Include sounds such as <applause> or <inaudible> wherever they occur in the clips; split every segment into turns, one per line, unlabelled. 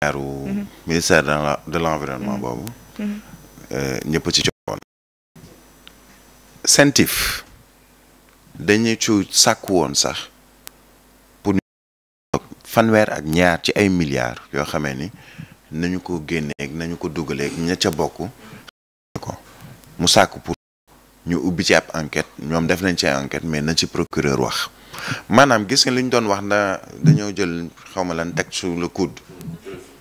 aaru mhm. ministère de mhm. boobu mhm. Eh, ñëpp ci joxoon sentif dañu ci sàkk woon sax pour fanweer ak ñaar ci ay milliards yoo xamee ni nañu ko génneeg nañu ko dugaleeg ña ca bokk ko mu sàkk pour ñu ubbi ci ab enquête ñoom def nañ ci enquête mais na ci procureur wax maanaam gis nga li doon wax nda dañoo jël xawma lan teg sous la coude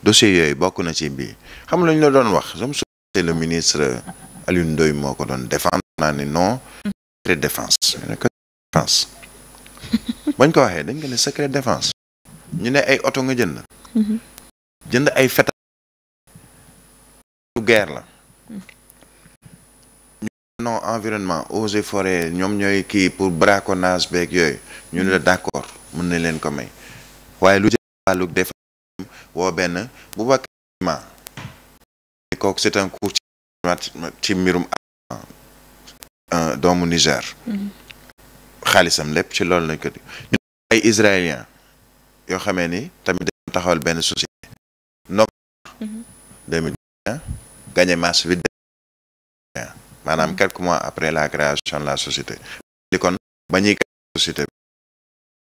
dossier yooyu bokk na ci bii xam lañ la doon wax som c'est le ministre Alioune Ndoye moo ko doon défendre naa ne non secret défense ko <laughs> bañ ko waxee dañ ko ne secret défense ñu ne ay oto nga jënd mhm. jënd ay feta ñu guerre la mhm. ñu non environnement eaux et ñoom ñooy kii pour braconnage beeg yooyu ñu ne la d'accord mën na leen ko may waaye lu jël wàllu défense woo benn Boubacar Sima kooku c'est un cours ci mbirum euh, doomu Niger mm-hmm. xaalisam lépp ci loolu lañ ko ay israélien yoo xamee ni tamit dañoo taxawal benn société nok 2021 mm-hmm. gagné masse vide maanaam mm-hmm. quelques mois après la création de la société li kon ba ñuy société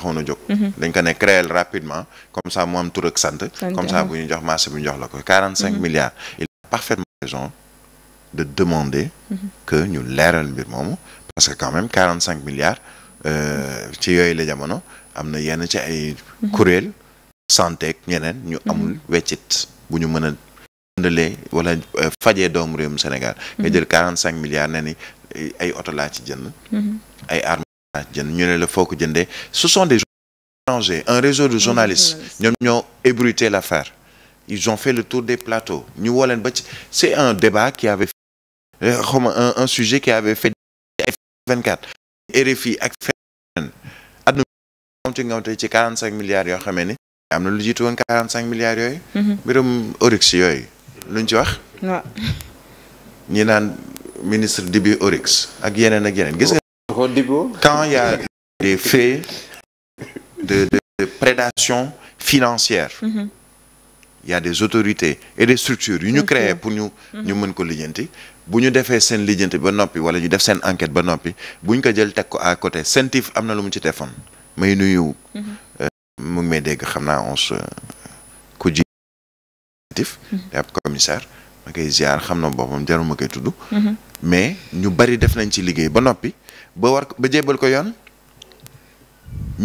taxoon a jóg mhm. dañ ko ne créer rapidement comme ça mu am tur ak sant comme ça bu ñu jox marché bu ñu jox la ko quarante cinq mhm. milliards il parfaitement raison de demander mhm. que ñu leeral mbir moomu parce que quand même quarante cinq milliards euh, ci yooyu la jamono am na yenn ci ay kuréel santé ak ñeneen ñu amul weccit bu ñu mën a jëndalee wala euh, fajee doomu réewum Sénégal nga jël quarante cinq milliards ne ni ay oto laa ci jënd ay armes Ah, jënd ñu ne la foo ko jëndee ce sont des étrangers un réseau de journalistes ñoom ñoo ébruité l'affaire ils ont fait le tour des plateaux ñu woo leen ba ci c'est un débat qui avait fait euh, xawma un sujet qui avait fait F24 RFI ak feneen àdduna ci ngawte ci 45 milliards yoo xamee ni am na lu jiitu woon 45 milliards yooyu mm-hmm. mbirum Oryx yooyu luñ ci wax ñi naan ministre Djiby Oryx ak yeneen ak yeneen gis Au début. Quand ya y a des faits de, de, prédation financière. Mm des autorités et des structures yu ñu créer pour ñu. Mm-hmm. ñu mën ko lijjanti bu ñu defee seen lijjanti ba noppi wala ñu def seen enquête ba noppi bu ñu ko jël teg ko à côté CENTIF am na lu mu ci defoon may nuyu. Mm-hmm. Euh, mu may dégg xam naa on commissaire. ma koy ziar xam na boppam jarul ma koy tudd. Mm-hmm. mais ñu bari def nañ ci liggéey ba noppi ba war ba jébbal ko yoon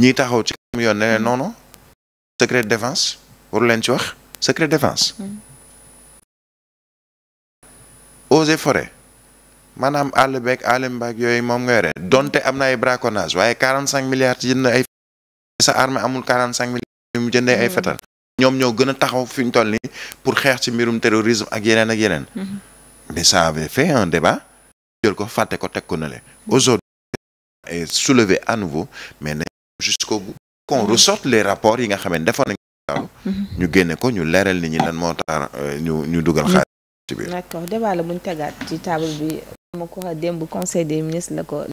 ñiy taxaw ci kam yoon ne leen non non secret défense leen ci wax secret défense. Mm-hmm. eaux et forêt maanaam àll beeg àll mbaag yooyu moom nga yore donte am na ay braconnage waaye 45 milliards ci jënd ay sa armée amul milliards mu jëndee ay mm-hmm. fetal ñoom ñoo gën a taxaw fi ñu toll nii pour xeex ci mbirum terrorisme ak yeneen ak yeneen. Mhm. mais ça avait fait un débat. jël ko fàtte ko teg ko na le aujourd'hui est soulevé à nouveau mais nañ jusqu'au bout qu'on mhm. ressorte les rapports yi nga xam ne defoon nañ mhm. ñu génne ko ñu leeral nit ñi lan moo tax euh, ñu ñu dugal xaalis ci biir d'accord débat la buñ tegaat ci table bi ma ko démb conseil des ministres la ko